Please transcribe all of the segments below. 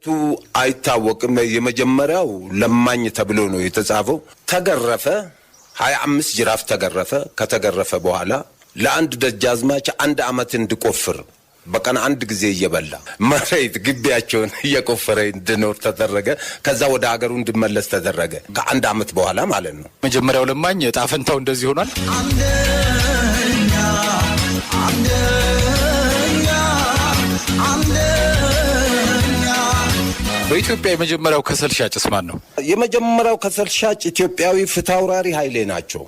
ሁለቱ አይታወቅም። የመጀመሪያው ለማኝ ተብሎ ነው የተጻፈው። ተገረፈ፣ ሀያ አምስት ጅራፍ ተገረፈ። ከተገረፈ በኋላ ለአንድ ደጃዝማች አንድ አመት እንዲቆፍር በቀን አንድ ጊዜ እየበላ መሬት ግቢያቸውን እየቆፈረ እንድኖር ተደረገ። ከዛ ወደ ሀገሩ እንድመለስ ተደረገ። ከአንድ አመት በኋላ ማለት ነው። መጀመሪያው ለማኝ ጣፈንታው እንደዚህ ሆኗል። በኢትዮጵያ የመጀመሪያው ከሰል ሻጭስ ማን ነው? የመጀመሪያው ከሰል ሻጭ ኢትዮጵያዊ ፊታውራሪ ኃይሌ ናቸው።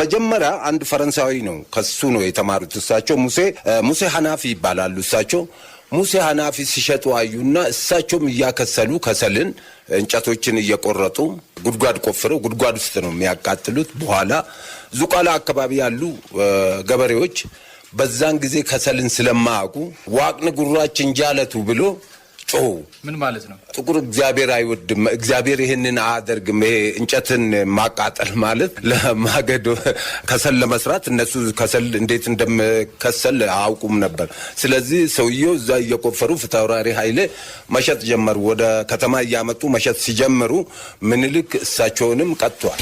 መጀመሪያ አንድ ፈረንሳዊ ነው፣ ከሱ ነው የተማሩት እሳቸው። ሙሴ ሙሴ ሀናፊ ይባላሉ እሳቸው ሙሴ ሀናፊ ሲሸጡ አዩና እሳቸውም እያከሰሉ ከሰልን እንጨቶችን እየቆረጡ ጉድጓድ ቆፍረው ጉድጓድ ውስጥ ነው የሚያቃጥሉት። በኋላ ዙቃላ አካባቢ ያሉ ገበሬዎች በዛን ጊዜ ከሰልን ስለማያውቁ ዋቅን ጉራችን ጃለቱ ብሎ ጮሁ። ምን ማለት ነው? ጥቁር እግዚአብሔር አይወድም፣ እግዚአብሔር ይህንን አያደርግም። ይሄ እንጨትን ማቃጠል ማለት ለማገዶ ከሰል ለመስራት እነሱ ከሰል እንዴት እንደምከሰል አያውቁም ነበር። ስለዚህ ሰውየው እዛ እየቆፈሩ ፍትሐ ኃይሌ መሸጥ ጀመሩ። ወደ ከተማ እያመጡ መሸጥ ሲጀምሩ ምኒልክ እሳቸውንም ቀጥቷል።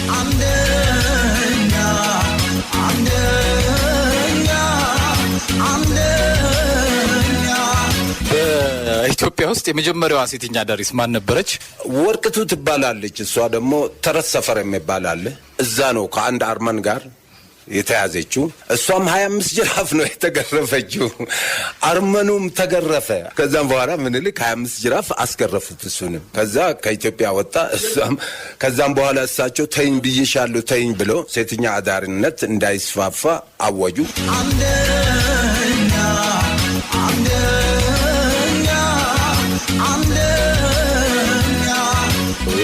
ኢትዮጵያ ውስጥ የመጀመሪያዋ ሴተኛ አዳሪስ ማን ነበረች? ወርቅቱ ትባላለች። እሷ ደግሞ ተረት ሰፈር የሚባል አለ። እዛ ነው ከአንድ አርመን ጋር የተያዘችው። እሷም ሀያ አምስት ጅራፍ ነው የተገረፈችው። አርመኑም ተገረፈ። ከዛም በኋላ ምኒልክ ሀያ አምስት ጅራፍ አስገረፉት። እሱንም ከዛ ከኢትዮጵያ ወጣ። እሷም ከዛም በኋላ እሳቸው ተይኝ ብዬሻለሁ ተይኝ ብሎ ሴተኛ አዳሪነት እንዳይስፋፋ አወጁ።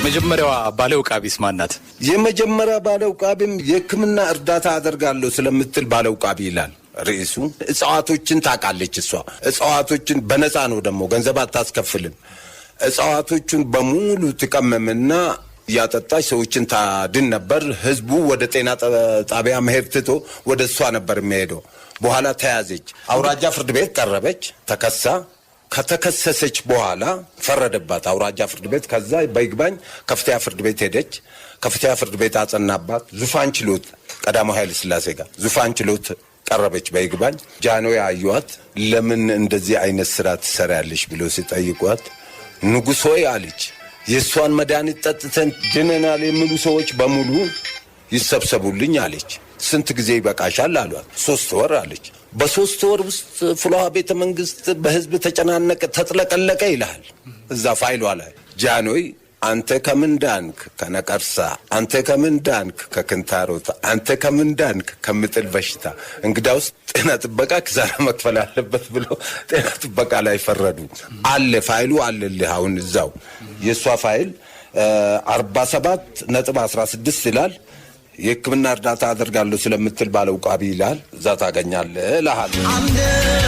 የመጀመሪያዋ ባለውቃቢስ ማናት? የመጀመሪያ ባለውቃቢም የሕክምና እርዳታ አደርጋለሁ ስለምትል ባለውቃቢ ይላል ርዕሱ። እጽዋቶችን ታውቃለች እሷ። እጽዋቶችን በነፃ ነው ደግሞ ገንዘብ አታስከፍልም። እጽዋቶቹን በሙሉ ትቀመምና እያጠጣች ሰዎችን ታድን ነበር። ህዝቡ ወደ ጤና ጣቢያ መሄድ ትቶ ወደ እሷ ነበር የሚሄደው። በኋላ ተያዘች። አውራጃ ፍርድ ቤት ቀረበች፣ ተከሳ ከተከሰሰች በኋላ ፈረደባት አውራጃ ፍርድ ቤት። ከዛ በይግባኝ ከፍተኛ ፍርድ ቤት ሄደች። ከፍተኛ ፍርድ ቤት አጸናባት። ዙፋን ችሎት ቀዳማዊ ኃይለ ሥላሴ ጋር ዙፋን ችሎት ቀረበች በይግባኝ። ጃኖ ያዩዋት ለምን እንደዚህ አይነት ስራ ትሰሪያለሽ ብሎ ሲጠይቋት ንጉሥ ሆይ አለች የእሷን መድኃኒት ጠጥተን ድነናል የሚሉ ሰዎች በሙሉ ይሰብሰቡልኝ አለች። ስንት ጊዜ ይበቃሻል አሏት። ሶስት ወር አለች። በሶስት ወር ውስጥ ፍሎሃ ቤተ መንግስት በህዝብ ተጨናነቀ፣ ተጥለቀለቀ ይልሃል እዛ ፋይሏ ላይ ጃኖይ አንተ ከምን ዳንክ ከነቀርሳ፣ አንተ ከምን ዳንክ ከክንታሮት፣ አንተ ከምን ዳንክ ከምጥል በሽታ። እንግዳውስ ጤና ጥበቃ ክዛራ መክፈል አለበት ብሎ ጤና ጥበቃ ላይ ፈረዱ። አለ ፋይሉ አለልህ አሁን እዛው የእሷ ፋይል አርባ ሰባት ነጥብ አስራ ስድስት ይላል የሕክምና እርዳታ አደርጋለሁ ስለምትል ባለው ውቃቢ ይላል እዛ ታገኛለህ እልሃለሁ።